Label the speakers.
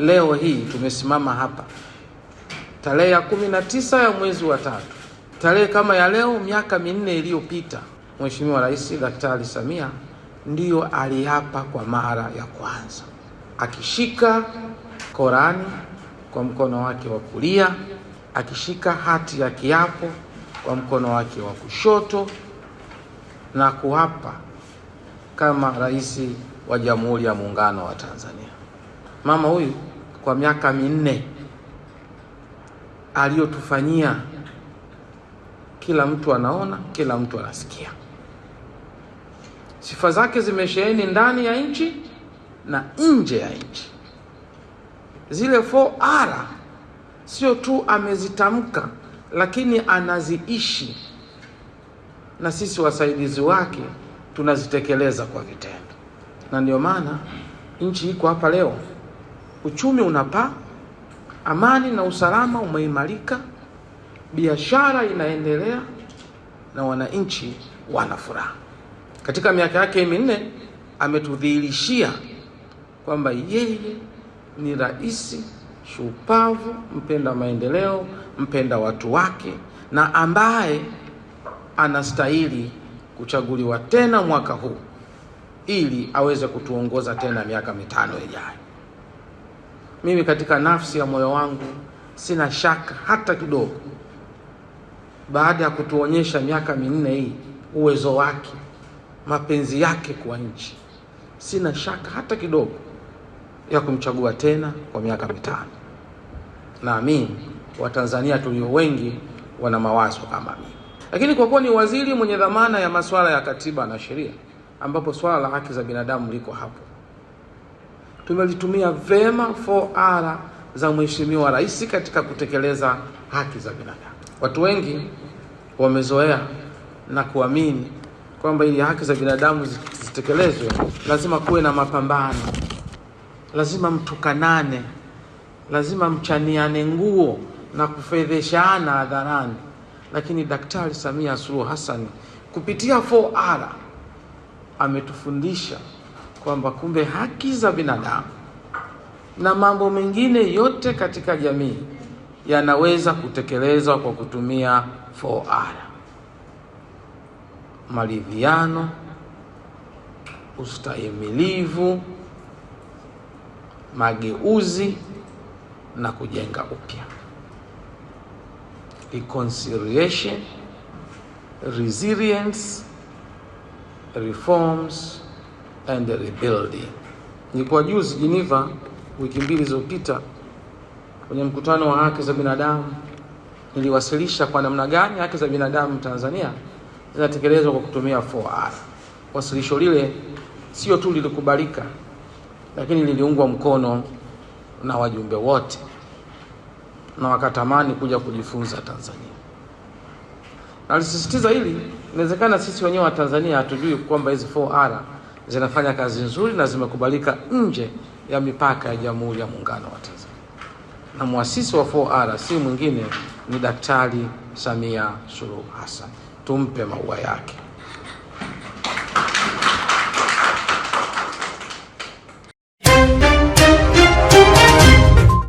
Speaker 1: leo hii tumesimama hapa tarehe ya kumi na tisa ya mwezi wa tatu, tarehe kama ya leo miaka minne iliyopita, Mheshimiwa Rais Daktari Samia ndiyo aliapa kwa mara ya kwanza akishika Korani kwa mkono wake wa kulia, akishika hati ya kiapo kwa mkono wake wa kushoto na kuapa kama rais wa Jamhuri ya Muungano wa Tanzania. Mama huyu kwa miaka minne aliyotufanyia, kila mtu anaona, kila mtu anasikia. Sifa zake zimesheheni ndani ya nchi na nje ya nchi. Zile 4R sio tu amezitamka, lakini anaziishi, na sisi wasaidizi wake tunazitekeleza kwa vitendo, na ndio maana nchi iko hapa leo uchumi unapaa, amani na usalama umeimarika, biashara inaendelea na wananchi wana furaha. Katika miaka yake minne ametudhihirishia kwamba yeye ni rais shupavu, mpenda maendeleo, mpenda watu wake, na ambaye anastahili kuchaguliwa tena mwaka huu ili aweze kutuongoza tena miaka mitano ijayo mimi katika nafsi ya moyo wangu sina shaka hata kidogo, baada ya kutuonyesha miaka minne hii uwezo wake, mapenzi yake kwa nchi, sina shaka hata kidogo ya kumchagua tena kwa miaka mitano. Naamini Watanzania tulio wengi wana mawazo kama mimi, lakini kwa kuwa ni waziri mwenye dhamana ya masuala ya katiba na sheria, ambapo swala la haki za binadamu liko hapo tumelitumia vema 4R za Mheshimiwa Rais katika kutekeleza haki za binadamu. Watu wengi wamezoea na kuamini kwamba ili haki za binadamu zitekelezwe lazima kuwe na mapambano, lazima mtukanane, lazima mchaniane nguo na kufedheshana hadharani. Lakini Daktari Samia Suluhu Hassan kupitia 4R ametufundisha kwamba kumbe haki za binadamu na mambo mengine yote katika jamii yanaweza kutekelezwa kwa kutumia 4R: maridhiano, ustahimilivu, mageuzi na kujenga upya, reconciliation, resilience, reforms and the Ni kwa juzi Geneva wiki mbili zilizopita kwenye mkutano wa haki za binadamu, niliwasilisha kwa namna gani haki za binadamu Tanzania zinatekelezwa kwa kutumia 4R. Wasilisho lile sio tu lilikubalika, lakini liliungwa mkono na wajumbe wote na wakatamani kuja kujifunza Tanzania. Nalisisitiza hili, inawezekana sisi wenyewe wa Tanzania hatujui kwamba hizi 4R zinafanya kazi nzuri na zimekubalika nje ya mipaka ya Jamhuri ya Muungano wa Tanzania. Na mwasisi wa 4R si mwingine ni Daktari Samia Suluhu Hassan, tumpe maua yake.